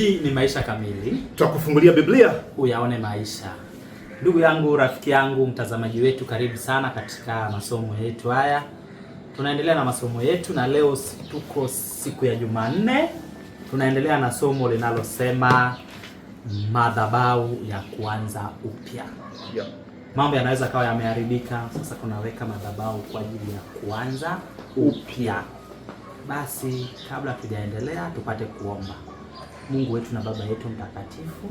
Hii ni Maisha Kamili, tutakufungulia Biblia uyaone maisha. Ndugu yangu, rafiki yangu, mtazamaji wetu, karibu sana katika masomo yetu haya. Tunaendelea na masomo yetu, na leo tuko siku ya Jumanne, tunaendelea na somo linalosema madhabahu ya kuanza upya. Yeah. Mambo yanaweza kawa yameharibika, sasa tunaweka madhabahu kwa ajili ya kuanza upya. Basi kabla tujaendelea, tupate kuomba. Mungu wetu na Baba yetu mtakatifu,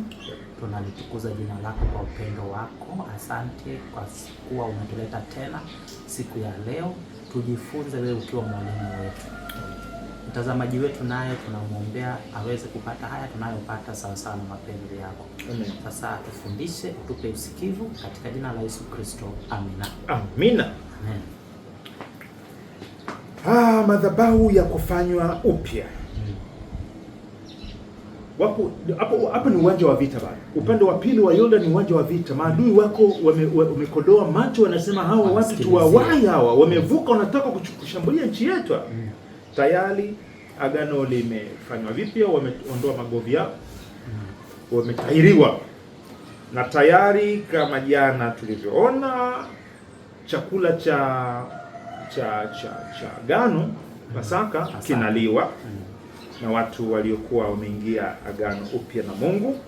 tunalitukuza jina lako kwa upendo wako. Asante kwa kuwa umetuleta tena siku ya leo, tujifunze wewe ukiwa mwalimu wetu. Mtazamaji wetu naye tunamwombea aweze kupata haya tunayopata sawasawa na mapenzi yako. Amen. Sasa tufundishe, utupe usikivu katika jina la Yesu Kristo, amina. Amina. Amen. Ah, madhabahu ya kufanywa upya wako hapo hapo, ni uwanja wa vita bana. Upande wa pili wa Yordan ni uwanja wa vita, maadui wako wamekodoa wame macho, wanasema hawa watu tuwawai, hawa wamevuka, wanataka kushambulia nchi yetu. Mm. Tayari agano limefanywa vipya, wameondoa magovi yao, mm. wametahiriwa, na tayari kama jana tulivyoona chakula cha cha cha cha agano mm. Pasaka, Pasaka, kinaliwa mm na watu waliokuwa wameingia agano upya na Mungu,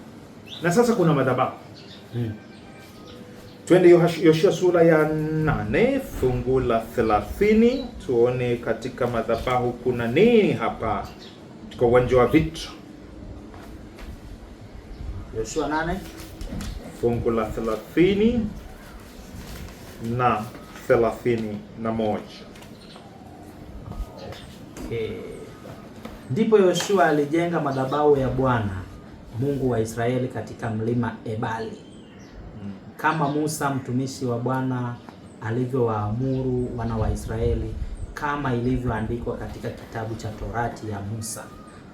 na sasa kuna madhabahu hmm. Twende Yoshua sura ya 8 fungu la 30, tuone katika madhabahu kuna nini hapa kwa uwanja wa vita. Yoshua 8 fungu la 30 na 31. Okay. Ndipo Yoshua alijenga madhabahu ya Bwana Mungu wa Israeli katika mlima Ebali kama Musa mtumishi wa Bwana alivyowaamuru wana wa Israeli kama ilivyoandikwa katika kitabu cha Torati ya Musa,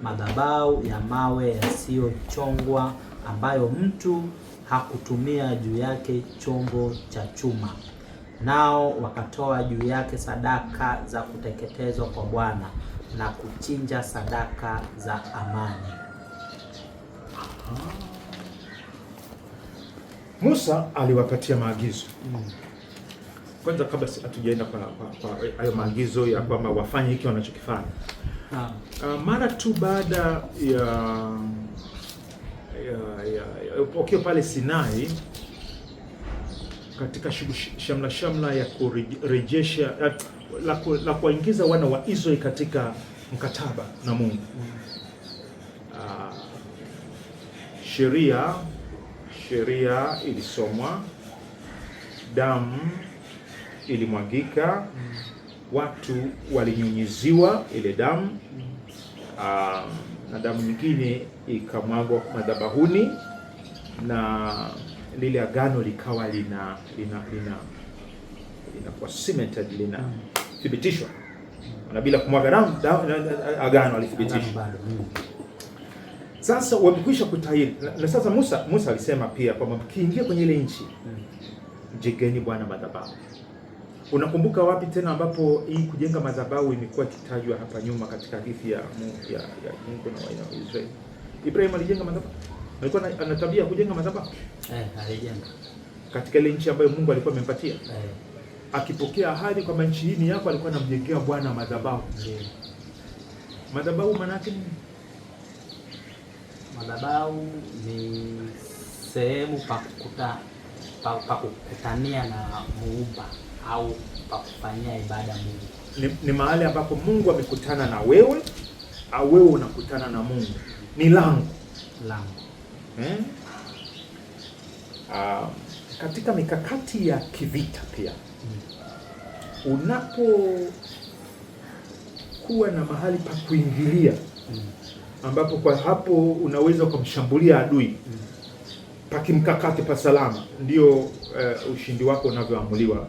madhabahu ya mawe yasiyochongwa ambayo mtu hakutumia juu yake chombo cha chuma. Nao wakatoa juu yake sadaka za kuteketezwa kwa Bwana na kuchinja sadaka za amani. Musa aliwapatia maagizo hmm. Kwanza kabla hatujaenda kwa hayo maagizo ya kwamba wafanye hiki wanachokifanya ah. Uh, mara tu baada ya, ya, ya, ya pokeo pale Sinai katika shamla shamla ya kurejesha la kuwaingiza wana wa Israeli katika mkataba na Mungu. Uh, sheria sheria ilisomwa, damu ilimwagika, watu walinyunyiziwa ile damu uh, na damu nyingine ikamwagwa madhabahuni na lile agano likawa lina lina lina kwa cemented lina mm thibitishwa na bila kumwaga damu, agano alithibitishwa. Mm. Sasa wamekwisha kutahiri na, na sasa Musa Musa alisema pia kwamba mkiingia kwenye ile nchi mjengeni mm. Bwana madhabahu. Unakumbuka wapi tena ambapo hii kujenga madhabahu imekuwa ikitajwa hapa nyuma katika hadithi ya Mungu ya, ya Mungu na wana wa Israeli? Ibrahim alijenga madhabahu. Alikuwa ana tabia kujenga madhabahu. Eh, alijenga. Katika ile nchi ambayo Mungu alikuwa amempatia. Eh akipokea ahadi kwamba nchi hii ni yako, alikuwa anamjengea Bwana madhabahu. Madhabahu maana yake Madhabahu ni sehemu pa kukuta pa kukutania na muumba au pa kufanyia ibada Mungu. Ni, ni mahali ambapo Mungu amekutana na wewe au wewe unakutana na Mungu. Ni lango lango, eh? Ah, katika mikakati ya kivita pia mm unapokuwa na mahali pa kuingilia mm. ambapo kwa hapo unaweza ukamshambulia adui mm. pakimkakati pa salama, ndio uh, ushindi wako unavyoamuliwa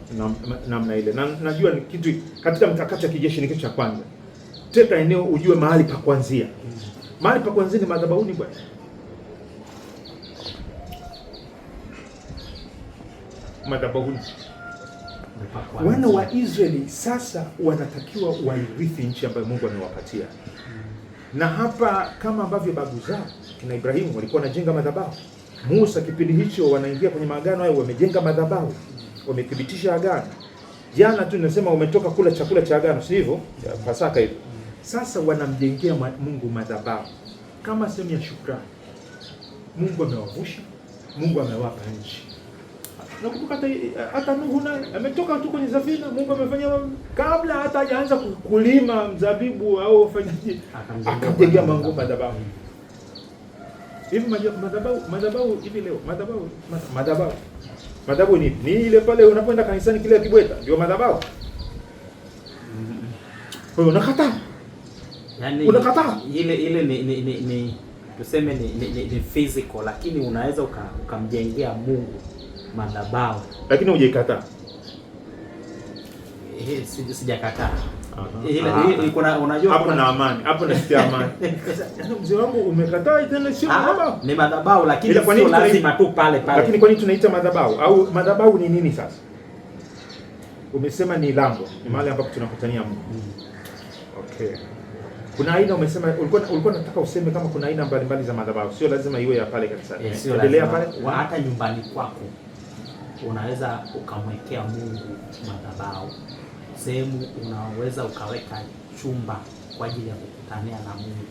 namna na ile na, najua ni kitu katika mkakati ya kijeshi ni kitu cha kwanza. Teka eneo ujue mahali pa kuanzia mm. mahali pa kuanzia ni madhabahuni bwana. Madhabahuni. Wana wa Israeli sasa wanatakiwa wairithi nchi ambayo Mungu amewapatia, na hapa kama ambavyo babu zao kina Ibrahimu walikuwa wanajenga madhabahu, Musa kipindi hicho wanaingia kwenye maagano hayo, wamejenga madhabahu, wamethibitisha agano. Jana tu nasema wametoka kula chakula cha agano, si hivyo? Pasaka hiyo sasa wanamjengea Mungu madhabahu kama sehemu ya shukrani. Mungu amewavusha, Mungu amewapa nchi Nakumbuka hata hata Nuhu naye ametoka tu kwenye safina, Mungu amefanya kabla hata hajaanza kulima mzabibu au afanyaje, akapiga mangoma dhabahu. Hivi madhabahu madhabahu hivi leo madhabahu madhabahu madhabahu ni ni ile pale unapoenda kanisani kile kibweta ndio madhabahu. Kwa mm-hmm. hiyo unakataa. yani unakataa. Ile ile ni ni ni, ni tuseme ni, ni, ni, ni physical lakini unaweza ukamjengea uka Mungu madhabahu, lakini hujaikataa. Eh, eh, eh, hapo na amani, hapo amani. Mzee wangu umekataa, tena ah, Ni lakini lazima tu pale pale. Lakini kwa nini tunaita madhabahu? Au madhabahu ni nini sasa? Umesema ni lango, ni mm. mahali ambapo tunakutania Mungu. Mm. Okay. Kuna aina umesema, ulikuwa ulikuwa nataka useme kama kuna aina mbalimbali za madhabahu, sio lazima iwe ya pale kanisani. Endelea pale, hata nyumbani kwako unaweza ukamwekea Mungu madhabahu, sehemu unaweza ukaweka chumba kwa ajili ya kukutania na Mungu,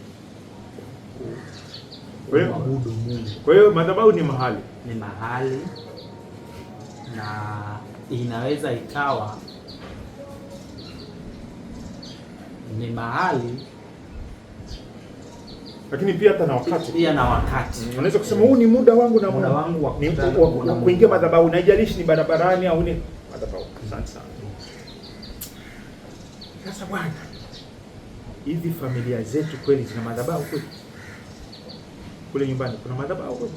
kuabudu Mungu. Kwa hiyo madhabahu ni mahali, ni mahali na inaweza ikawa ni mahali lakini pia hata na wakati pia na wakati mm. Unaweza kusema huu ni muda wangu na muda wangu wa ni kuingia madhabahu, na ijalishi ni barabarani au ni madhabahu. Asante sana. Sasa Bwana, hivi familia zetu kweli zina madhabahu kweli? Kule nyumbani kuna madhabahu kweli?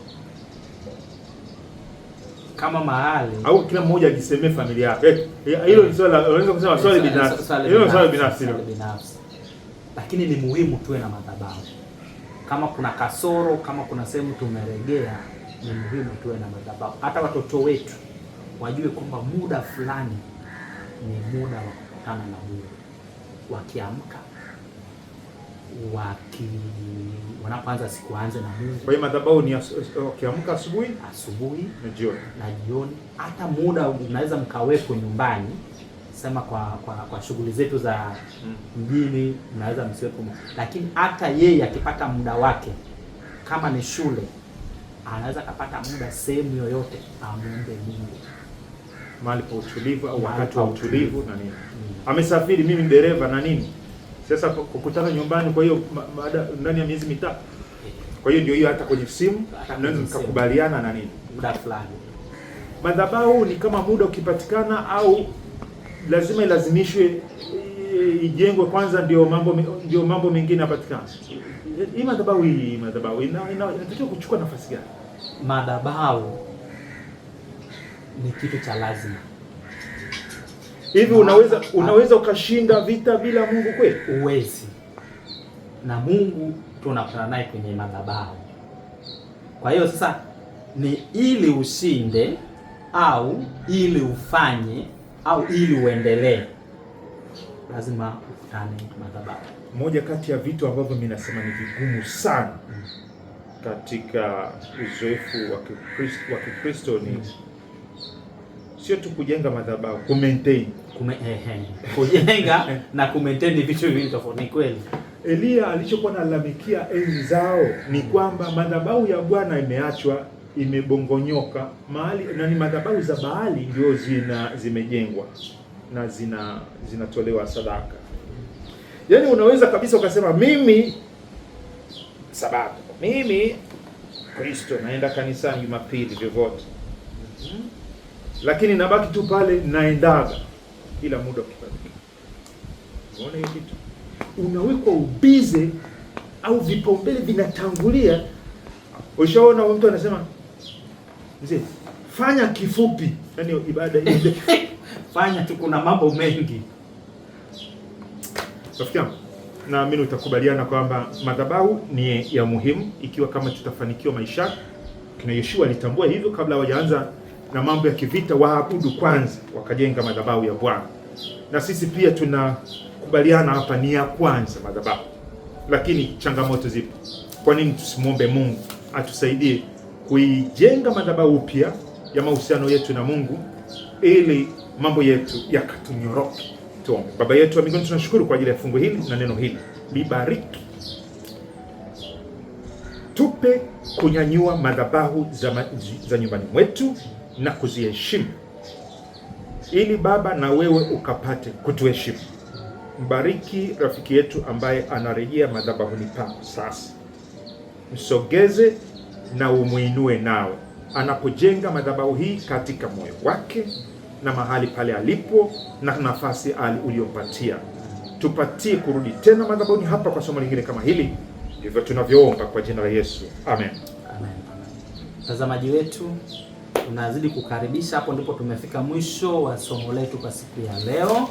kama mahali au kila mmoja ajisemee familia yake. Eh, eh, hilo ni swala, unaweza kusema swali binafsi, hilo swali binafsi, lakini ni muhimu tuwe na madhabahu kama kuna kasoro, kama kuna sehemu tumeregea, ni muhimu tuwe na madhabahu. Hata watoto wetu wajue kwamba muda fulani ni muda wa kukutana na Mungu, wakiamka waki wanapoanza siku waanze na Mungu. Kwa hiyo madhabahu ni wakiamka asubuhi, asubuhi na jioni, na jioni. Hata muda unaweza mkawepo nyumbani sema kwa kwa, kwa shughuli zetu za mm. mjini mnaweza msiwepo, lakini hata yeye akipata muda wake, kama ni shule, anaweza kapata muda sehemu yoyote, amwombe Mungu mahali pa utulivu au wakati wa utulivu na nini. mm. Amesafiri, mimi dereva na nini, sasa kukutana nyumbani. Kwa hiyo ndani ya miezi mitatu, kwa hiyo ndio hiyo, hata kwenye simu naweza mkakubaliana na nini muda fulani. Madhabahu ni kama muda ukipatikana au lazima ilazimishwe ijengwe kwanza, ndio mambo ndio mambo mengine yapatikane. Hii madhabahu hii madhabahu inatakiwa kuchukua nafasi gani? Madhabahu ni kitu cha lazima. Hivi unaweza unaweza ukashinda vita bila Mungu kweli? Uwezi. Na Mungu tunakutana naye kwenye madhabahu. Kwa hiyo sasa ni ili ushinde au ili ufanye au ili uendelee lazima ukutane madhabahu. Moja kati ya vitu ambavyo mimi nasema ni vigumu sana mm. katika uzoefu wa Kikristo ni mm. sio tu kujenga madhabahu, ku maintain kujenga na ku maintain ni vitu viwili tofauti. Ni kweli Eliya alichokuwa analalamikia enzi zao ni kwamba madhabahu ya Bwana imeachwa imebongonyoka mahali, na ni madhabahu za Baali ndio zina zimejengwa na zina zinatolewa sadaka. Yaani unaweza kabisa ukasema mimi Sabato, mimi Kristo, naenda kanisani Jumapili vyovyote, mhm. lakini nabaki tu pale, naendaga kila muda ukifanyika. Unaona hiyo kitu, unawekwa ubize au vipaumbele vinatangulia. Ushaona mtu anasema Mzee, fanya kifupi. Yaani ibada ile fanya tu, kuna mambo mengi. Rafiki yangu, naamini utakubaliana kwamba madhabahu ni ya muhimu ikiwa kama tutafanikiwa maisha. Kina Yeshua alitambua hivyo, kabla hawajaanza na mambo ya kivita, waabudu kwanza, wakajenga madhabahu ya Bwana. Na sisi pia tunakubaliana hapa, ni ya kwanza madhabahu, lakini changamoto zipo. Kwa nini tusimwombe Mungu atusaidie kuijenga madhabahu upya ya mahusiano yetu na Mungu ili mambo yetu yakatunyoroke. Tuombe. Baba yetu wa mbinguni, tunashukuru kwa ajili ya fungu hili na neno hili, libariki, tupe kunyanyua madhabahu za, ma za nyumbani mwetu na kuziheshimu, ili Baba na wewe ukapate kutuheshimu. Mbariki rafiki yetu ambaye anarejea madhabahuni pako sasa, msogeze na umwinue nawe anapojenga madhabahu hii katika moyo wake na mahali pale alipo na nafasi uliyompatia. Tupatie kurudi tena madhabahuni hapa kwa somo lingine kama hili, ndivyo tunavyoomba kwa jina la Yesu, amen. Mtazamaji wetu unazidi kukaribisha. Hapo ndipo tumefika mwisho wa somo letu kwa siku ya leo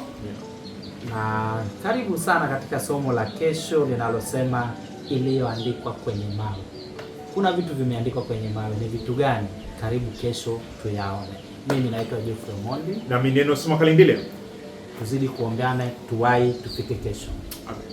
Na karibu sana katika somo la kesho linalosema iliyoandikwa kwenye mawe kuna vitu vimeandikwa kwenye mawe. Ni vitu gani? Karibu kesho tuyaone. Mimi naitwa Jeffrey na mimi neno soma Kalindile. Tuzidi kuombeane tuwai, tufike kesho. Amen.